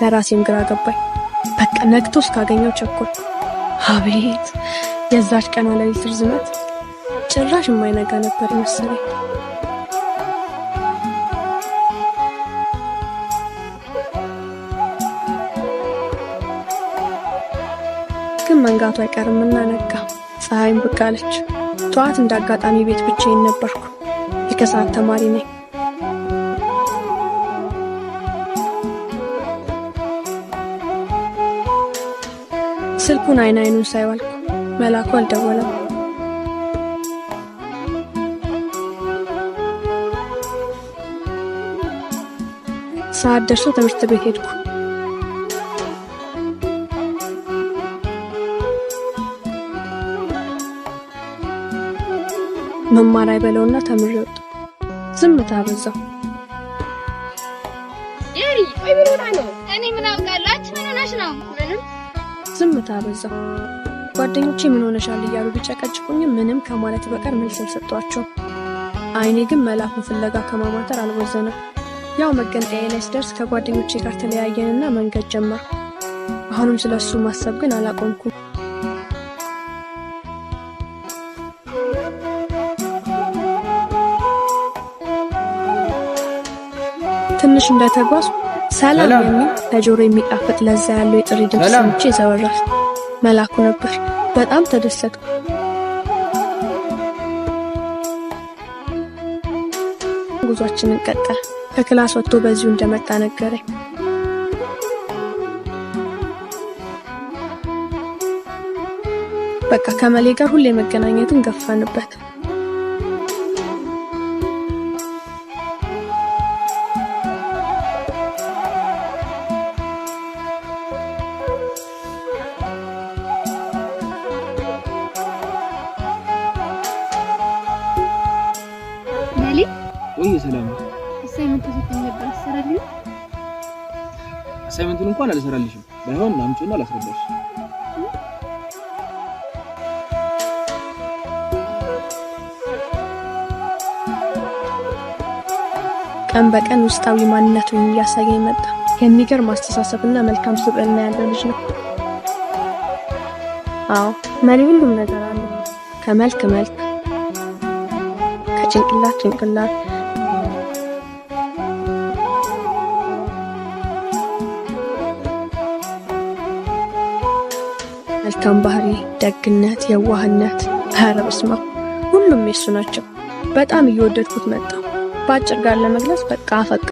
ለራሴም ግራ ገባኝ። በቃ ነግቶ እስካገኘው ቸኮል። አቤት የዛች ቀን ሌሊት ርዝመት! ጭራሽ የማይነጋ ነበር መሰለኝ። ግን መንጋቱ አይቀርም ነጋ። ፀሐይም ብቅ አለች። ጠዋት እንዳጋጣሚ ቤት ብቻዬን ነበርኩ። የከሰዓት ተማሪ ነኝ። ስልኩን አይን አይኑን ሳይዋልኩ መላኩ አልደወለም። ሰዓት ደርሶ ትምህርት ቤት ሄድኩ። መማር አይበለውና ተምሬ ወጣሁ። ዝምታ በዛው። ዴሪ ቆይ ምን ሆና ነው? እኔ ምን አውቃለሁ? አንቺ ምን ሆነሽ ነው? ምንም ዝምታ በዛው። ጓደኞቼ ምን ሆነሻል እያሉ ቢጨቀጭቁኝም ምንም ከማለት በቀር መልስ አልሰጧቸው። አይኔ ግን መልአኩን ፍለጋ ከማማተር አልወዘነ። ያው መገንጠያ ላይ ስደርስ ከጓደኞቼ ጋር ተለያየንና መንገድ ጀመር። አሁንም ስለ እሱ ማሰብ ግን አላቆምኩም። ትንሽ እንደተጓዝኩ ሰላም የሚል ለጆሮ የሚጣፍጥ ለዛ ያለው የጥሪ ድምፅ ሰምቼ ዘወራል። መላኩ ነበር። በጣም ተደሰትኩ። ጉዟችንን ቀጠል። ከክላስ ወጥቶ በዚሁ እንደመጣ ነገረኝ። በቃ ከመሌ ጋር ሁሌ መገናኘቱን ገፋንበት። ሰላም። አሳይመንቱን እንኳን አልሰራልሽም። ባይሆን አምጪውና ቀን በቀን ውስጣዊ ማንነቱን እያሳየ መጣ። የሚገርም አስተሳሰብና መልካም ስብዕና ያለው ልጅ ነው። አዎ መሪ ሁሉም ነገር አለ። ከመልክ መልክ፣ ከጭንቅላት ጭንቅላት መልካም ባህሪ፣ ደግነት፣ የዋህነት ኧረ ሁሉም የሱ ናቸው። በጣም እየወደድኩት መጣ። በአጭር ጋር ለመግለጽ በቃ አፈቅ